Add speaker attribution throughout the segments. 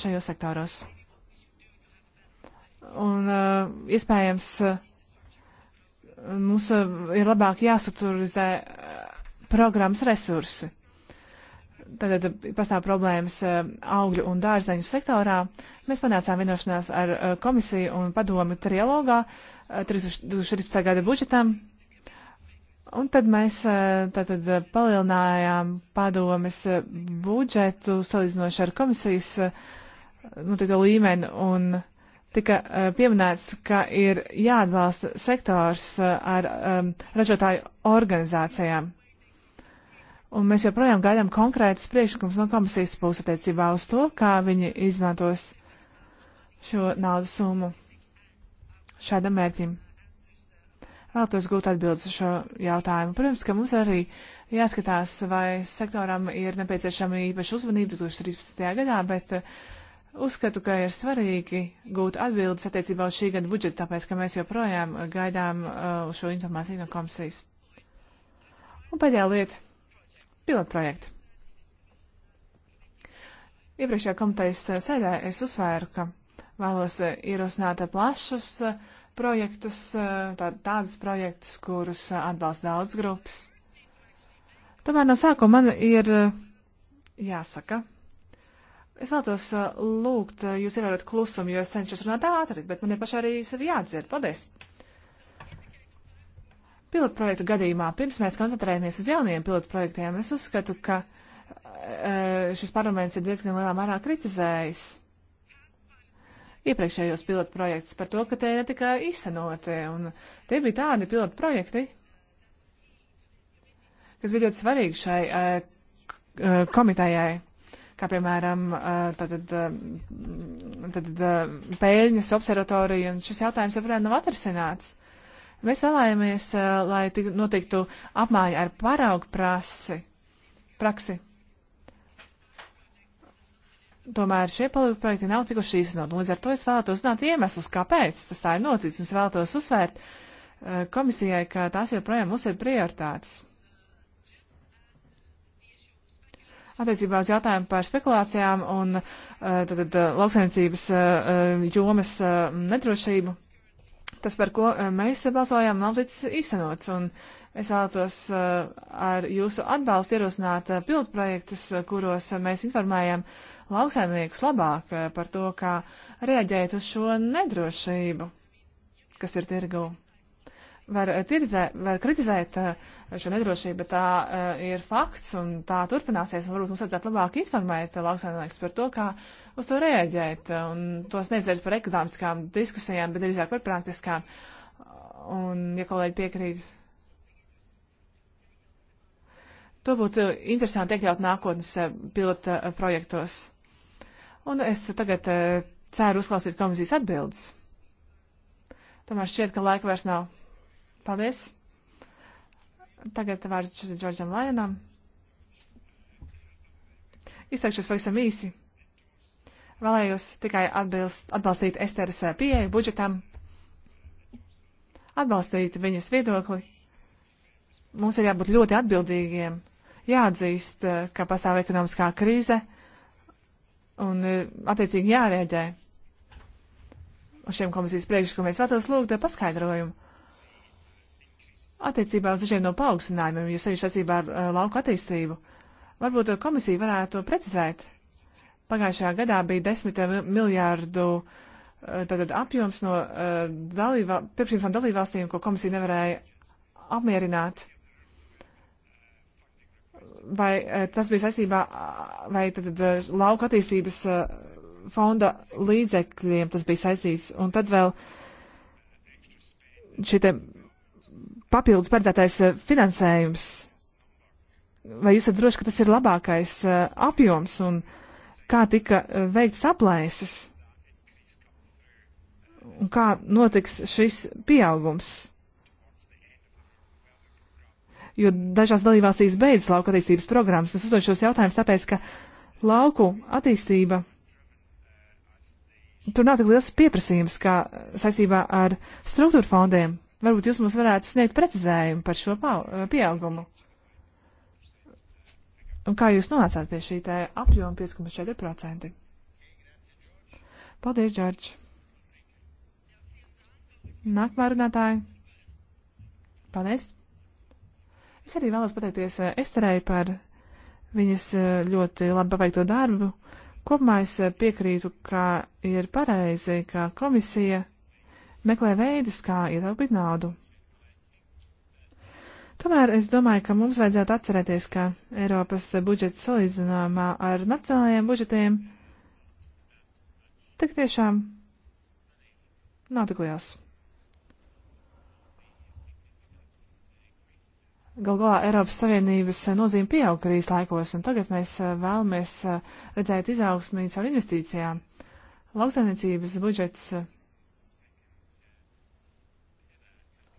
Speaker 1: šajos sektoros. Un uh, iespējams, uh, mums uh, ir labāk jāsaturizē uh, programmas resursi. Tad uh, pastāv problēmas uh, augļu un dārzeņu sektorā. Mēs panācām vienošanās ar uh, komisiju un padomi trialogā uh, 2013. gada budžetam. Un tad mēs uh, tātad uh, palielinājām padomes uh, budžetu salīdzinoši ar komisijas uh, noteikto nu, līmeni un tika eh, pieminēts, ka ir jāatbalsta sektors eh, ar um, ražotāju organizācijām. Un mēs joprojām gaidām konkrētus priekšlikumus no komisijas puses attiecībā uz to, kā viņi izmantos šo naudas summu šādam mērķim. Vēlētos gūt atbildes uz šo jautājumu. Protams, ka mums arī jāskatās, vai sektoram ir nepieciešama īpaša uzmanība 2013. gadā, bet uh, Uzskatu, ka ir svarīgi gūt atbildes attiecībā uz šī gada budžetu, tāpēc, ka mēs joprojām uh, gaidām uh, šo informāciju no komisijas. Un pēdējā lieta - pilotprojekti. Iepriekšējā komitejas uh, sēdē es uzsvēru, ka vēlos uh, ierosināt plašus projektus, tā, tādus projektus, kurus atbalsta daudz grupas. Tomēr no sākuma man ir jāsaka, Es vēlos uh, lūgt, uh, jūs ievērot klusumu, jo es cenšos runāt ātri, bet man ir pašai arī sevi jādzird. Paldies! Pilotprojektu gadījumā, pirms mēs koncentrējamies uz jauniem pilotprojektiem, es uzskatu, ka uh, šis parlaments ir diezgan lielā mērā kritizējis iepriekšējos pilotprojektus par to, ka tie netika īstenoti. Un tie bija tādi pilotprojekti, kas bija ļoti svarīgi šai komitējai kā piemēram tātad, tātad, pēļņas observatorija, un šis jautājums joprojām nav atrisināts. Mēs vēlējāmies, lai notiktu apmaiņa ar paraugu prasi, praksi. Tomēr šie palīdzību projekti nav tikuši īstenot, un līdz ar to es vēlētos zināt iemeslus, kāpēc tas tā ir noticis, un es vēlētos uzsvērt komisijai, ka tās joprojām mums ir prioritātes. attiecībā uz jautājumu par spekulācijām un tātad, eh, eh, lauksainicības eh, jomas nedrošību. Tas, par ko mēs balsojām, nav ticis īstenots. Un es vēlētos ar jūsu atbalstu ierosināt pilotprojektus, kuros mēs informējam lauksaimniekus labāk par to, kā reaģēt uz šo nedrošību, kas ir tirgū var, tirzē, var kritizēt eh, šo nedrošību, bet tā eh, ir fakts un tā turpināsies. Un varbūt mums vajadzētu labāk informēt lauksaimnieks par to, kā uz to reaģēt. Un tos neizvērst par ekonomiskām diskusijām, bet drīzāk par praktiskām. Un, ja kolēģi piekrīt, to būtu interesanti iekļaut nākotnes eh, pilota projektos. Un es tagad ceru uzklausīt komisijas atbildes. Tomēr šķiet, ka laika vairs nav. Paldies! Tagad vārds Džordžam Lajanam. Izteikšos pavisam īsi. Vēlējos tikai atbilst, atbalstīt Esteras pieeju budžetam, atbalstīt viņas viedokli. Mums ir jābūt ļoti atbildīgiem, jāatzīst, ka pastāv ekonomiskā krīze un eh, attiecīgi jārēģē. Uz šiem komisijas priekšlikumiem es vēlos lūgt paskaidrojumu Attiecībā uz dažiem no paaugstinājumiem, jo sevišķi saistībā ar uh, lauku attīstību, varbūt uh, komisija varētu precizēt. Pagājušajā gadā bija 10 uh, miljārdu uh, tātad, apjoms no uh, dalībā, pirmsimtām dalībvalstīm, ko komisija nevarēja apmierināt. Vai uh, tas bija saistībā, vai tātad uh, lauku attīstības uh, fonda līdzekļiem tas bija saistīts? Un tad vēl šitie papildus paredzētais eh, finansējums. Vai jūs esat droši, ka tas ir labākais eh, apjoms un kā tika eh, veikts aplēses? Un kā notiks šis pieaugums? Jo dažās dalībvalstīs beidz lauka attīstības programmas. Es uzdodu šos jautājumus tāpēc, ka lauku attīstība tur nav tik liels pieprasījums kā saistībā ar struktūra fondiem. Varbūt jūs mums varētu sniegt precizējumu par šo eh, pieaugumu. Un kā jūs nonācāt pie šī tā apjoma 5,4%? Paldies, Džordž! Nākamā runātāja. Paldies! Es arī vēlos pateikties eh, Esterei par viņas eh, ļoti labi paveikto darbu. Kopumā es piekrītu, ka ir pareizi, ka komisija meklē veidus, kā ietaupīt naudu. Tomēr es domāju, ka mums vajadzētu atcerēties, ka Eiropas budžets salīdzinājumā ar nacionālajiem budžetiem tik tiešām nav tik liels. Galvā Eiropas Savienības nozīme pieaug krīzes laikos, un tagad mēs eh, vēlamies eh, redzēt izaugsmī caur investīcijām. Lauksainiecības budžets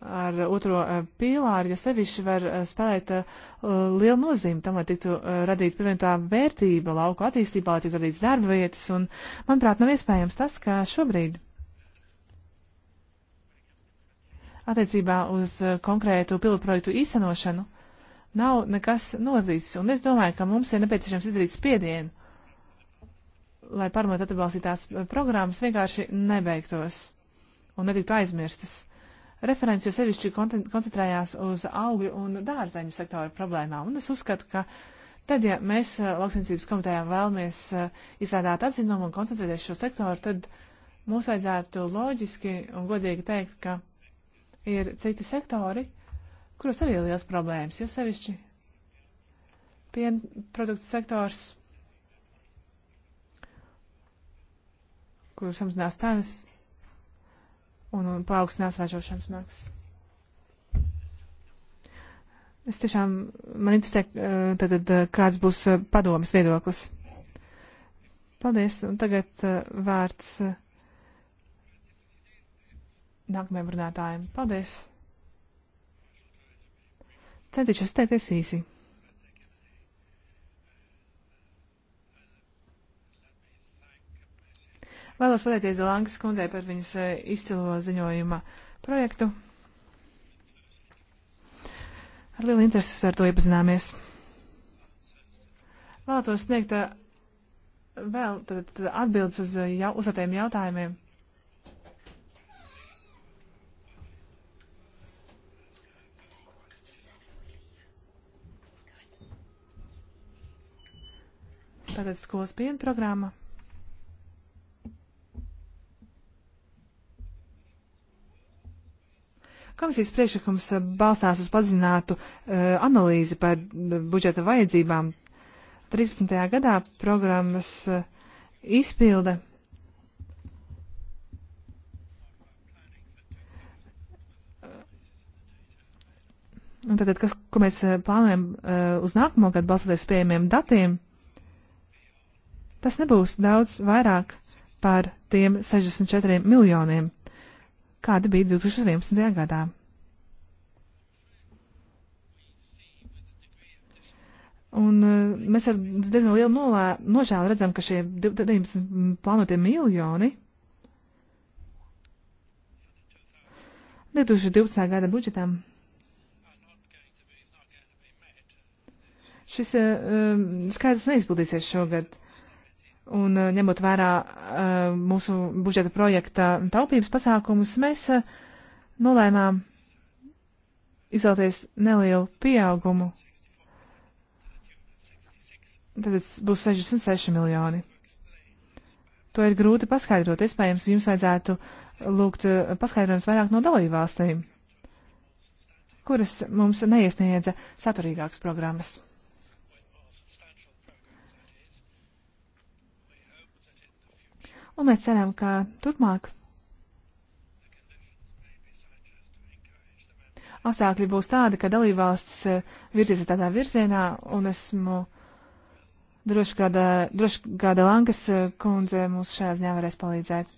Speaker 1: ar otro eh, pīlāru, jo sevišķi var eh, spēlēt eh, lielu nozīmi tam, lai tiktu radīta pievienotā vērtība lauku attīstībā, lai tiktu radīts darba vietas, un, manuprāt, nav iespējams tas, kā šobrīd. Attiecībā uz konkrētu pilotprojektu īstenošanu nav nekas noticis, un es domāju, ka mums ir nepieciešams izdarīt spiedienu, lai pārmaiņu atbalstītās programmas vienkārši nebeigtos un netiktu aizmirstas. Referents jau sevišķi koncentrējās uz augļu un dārzeņu sektoru problēmām, un es uzskatu, ka tad, ja mēs eh, lauksainicības komitējām vēlamies eh, izrādāt atzinumu un koncentrēties šo sektoru, tad mums vajadzētu loģiski un godīgi teikt, ka ir citi sektori, kuros arī ir liels problēmas, jo sevišķi pienproduktu sektors, kur samazinās cenas, un, un paaugstinās ražošanas maksas. Es tiešām, man interesē, eh, tad, tad eh, kāds būs eh, padomas viedoklis. Paldies, un tagad vārds nākamajam runātājam. Paldies! Centīšos teikties īsi. Vēlos pateikties Delankas kundzei par viņas e, izcilo ziņojuma projektu. Ar lielu interesi ar to iepazināmies. Vēlētos sniegt e, vēl tad, atbildes uz e, jau, uzdotiem jautājumiem. Tātad skolas piena programma. Komisijas priekšlikums eh, balstās uz padzinātu uh, eh, analīzi par eh, budžeta vajadzībām. 13. gadā programmas uh, izpilde Un tātad, kas, ko mēs plānojam uh, uz nākamo gadu, balstoties pieejamiem datiem, tas nebūs daudz vairāk par tiem 64 miljoniem kāda bija 2011. gadā. Un e, mēs ar diezgan lielu nolē, nožēlu redzam, ka šie 19 plānotie miljoni 2012. gada budžetam šis um, skaidrs neizpildīsies šogad. Uh, un eh, ņemot vērā eh, mūsu budžeta projekta taupības pasākumus, mēs eh, nolēmām izvēlēties nelielu pieaugumu. Tad būs 66 miljoni. To ir grūti paskaidrot. Iespējams, jums vajadzētu lūgt paskaidrojums vairāk no dalībvalstīm, kuras mums neiesniedza saturīgākas programmas. un mēs ceram, ka turpmāk apstākļi būs tādi, ka dalībvalsts eh, virzīsies tādā virzienā, un esmu droši, kāda, droši kāda Lankas eh, kundze mums šajā ziņā varēs palīdzēt.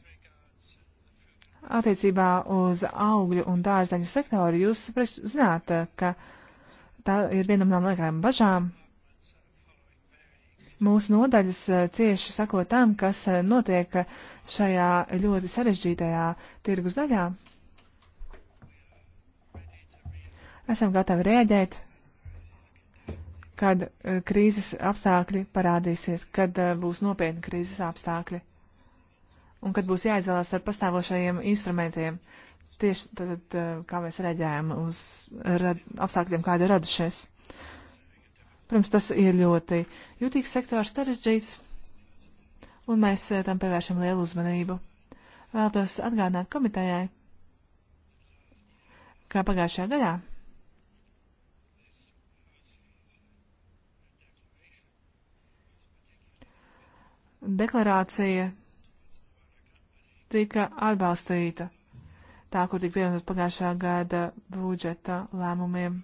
Speaker 1: Attiecībā uz augļu un dārzeņu sektoru jūs zināt, eh, ka tā ir viena no lielākajām bažām Mūsu nodaļas eh, cieši sako tam, kas eh, notiek šajā ļoti sarežģītajā tirgus daļā. Esam gatavi rēģēt, kad eh, krīzes apstākļi parādīsies, kad būs nopietni krīzes apstākļi un kad būs jāizvēlās ar pastāvošajiem instrumentiem. Tieši tad, kā mēs reaģējam uz rad, apstākļiem, kādi ir radušies. Protams, tas ir ļoti jūtīgs sektors, sarežģīts, un mēs eh, tam pievēršam lielu uzmanību. Vēlos atgādināt komitejai, kā pagājušajā gadā deklarācija tika atbalstīta, tā, kur tika pievienot pagājušā gada budžeta lēmumiem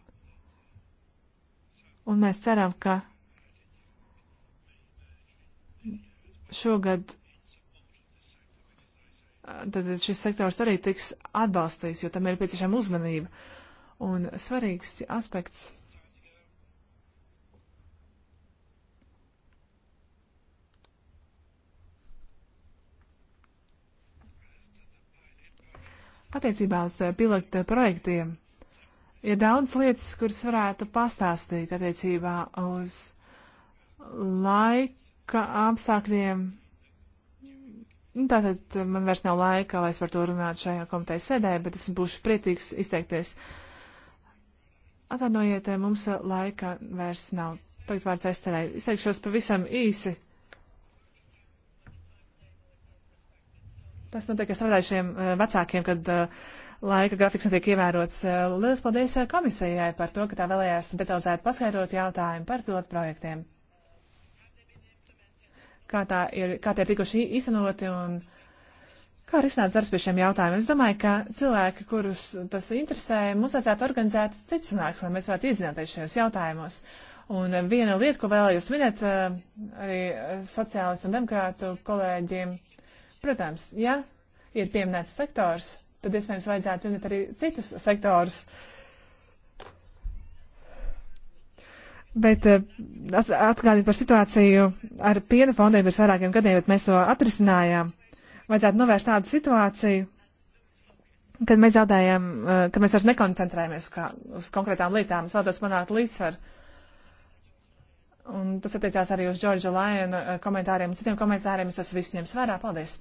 Speaker 1: un mēs ceram, ka šogad tad šis sektors arī tiks atbalstīts, jo tam ir nepieciešama uzmanība. Un svarīgs aspekts. Attiecībā uz pilota projektiem ir daudz lietas, kuras varētu pastāstīt attiecībā uz laika apstākļiem. Nu, tātad eh, man vairs nav laika, lai es par to runātu šajā komitejas sēdē, bet es būšu prietīgs izteikties. Atvainojiet, eh, mums laika vairs nav. Tagad vārds aizterē. Izteikšos pavisam īsi. Tas notiek, ka strādāju šiem eh, vecākiem, kad uh, laika grafiks netiek ievērots. Lielas paldies eh, komisijai par to, ka tā vēlējās detalizēt paskaidrot jautājumu par pilotu projektiem. Kā, tā ir, kā tie ir tikuši īstenoti un kā risināt darbs pie šiem jautājumiem. Es domāju, ka cilvēki, kurus tas interesē, mums vajadzētu organizēt citus sanāks, lai mēs varētu iedzināties šajos jautājumos. Un viena lieta, ko vēlējos minēt eh, arī sociālistu un demokrātu kolēģiem, protams, ja ir pieminēts sektors, tad iespējams vajadzētu pieminēt arī citus sektorus. Bet eh, es atgādinu par situāciju ar piena fondiem pirms vairākiem gadiem, bet mēs to atrisinājām. Vajadzētu novērst tādu situāciju, kad mēs zaudējam, eh, ka mēs vairs nekoncentrējamies kā, uz konkrētām lietām. Es vēlos panākt līdzsvaru. Un tas attiecās arī uz Džordža Lajona eh, komentāriem un citiem komentāriem. Es tas visu ņems vērā. Paldies!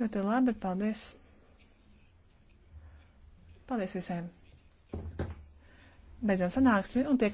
Speaker 1: Ļoti labi, paldies. Paldies visiem. Beidzam sanāksmi un tiekam.